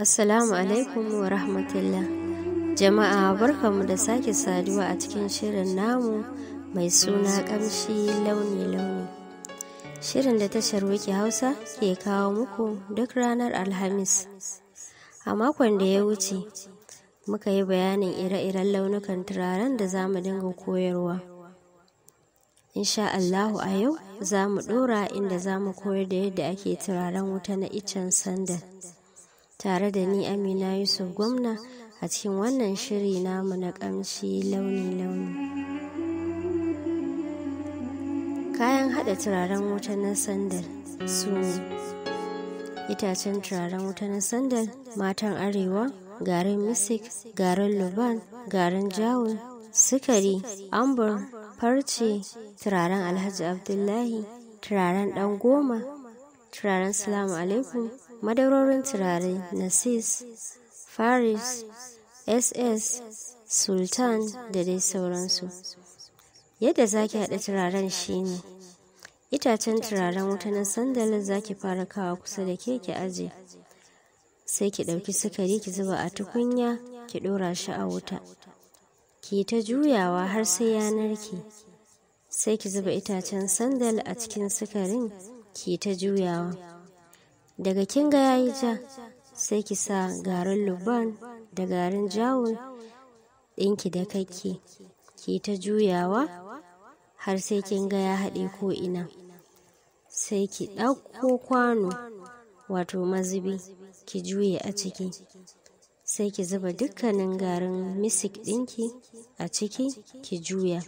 Assalamu alaikum wa rahmatullah. Jama'a barkamu da sake saduwa a cikin shirin namu mai suna kamshi launi-launi. Shirin da tashar wiki Hausa ke kawo muku duk ranar Alhamis. A makon da ya wuce, muka yi bayanin ire-iren launukan turaren da za mu dinga koyarwa. Insha Allahu a yau za mu ɗora inda za mu koyar da yadda ake turaren wuta na icen sandal. tare da ni Amina Yusuf Gwamna a cikin wannan shiri namu na ƙamshi launi-launi. Kayan haɗa turaren wuta na sandal su itacen turaren wuta na sandal matan arewa garin misik garin luban garin jawun sukari ambur farce turaren alhaji abdullahi turaren ɗan goma turaren salamu alaikum madarorin turare nasis faris ss sultan da dai sauransu yadda zaki haɗa turaren shine itacen turaren wuta na sandalin zaki fara kawa kusa da ke ki aje sai ki ɗauki sukari ki zuba a tukunya ki ɗora shi a wuta ki ta juyawa har sai yanar ki. sai ki zuba itacen sandal a cikin sukarin ki ta juyawa daga kin ga yayi ja sai ki sa garin luban da garin jawul ɗinki da kake ki ta juyawa har sai kin ga ya haɗe ko ina sai ki ɗauko kwano wato mazubi ki juye a ciki sai ki zuba dukkanin garin misik ɗinki a ciki ki juya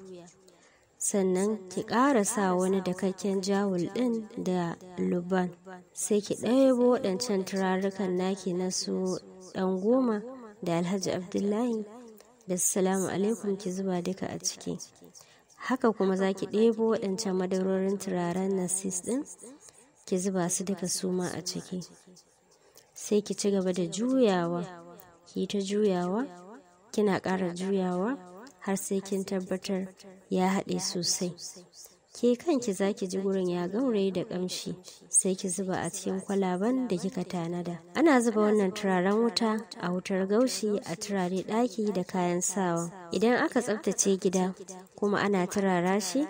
sannan ki sa wani dakakken jawul ɗin da luban sai ki ɗayabo waɗancan turarukan naki na su ɗan goma da alhaji abdullahi da salamu alaikum ki zuba duka a ciki haka kuma za ki ɗebo waɗancan madarorin turaren nasis ɗin ki zuba su duka su ma a ciki sai ki ci gaba da juyawa ki ta juyawa kina ƙara juyawa har sai kin tabbatar ya haɗe sosai ke kanki ki ji gurin ya gaure da ƙamshi sai ki zuba a cikin kwalaban da kika tanada ana zuba wannan turaren wuta a wutar gaushi a turare ɗaki da kayan sawa idan aka tsabtace gida kuma ana turara shi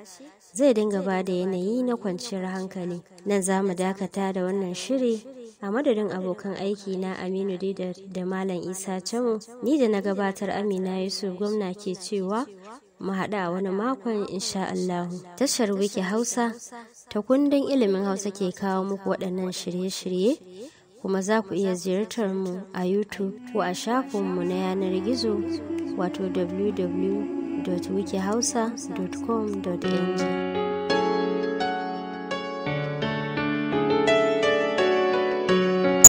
zai dinga ba da yanayi na kwanciyar hankali nan za mu dakata da wannan shiri a madadin abokan aiki na aminu didar da malam isa camo ni da na gabatar amina yusuf gwamna ke cewa mu haɗu a wani makon insha Allahu. Tashar Wiki Hausa ta kundin ilimin Hausa ke kawo muku waɗannan shirye-shirye kuma za ku iya ziyartar mu a YouTube ko a mu na yanar gizo wato www.wikihausa.com.ng.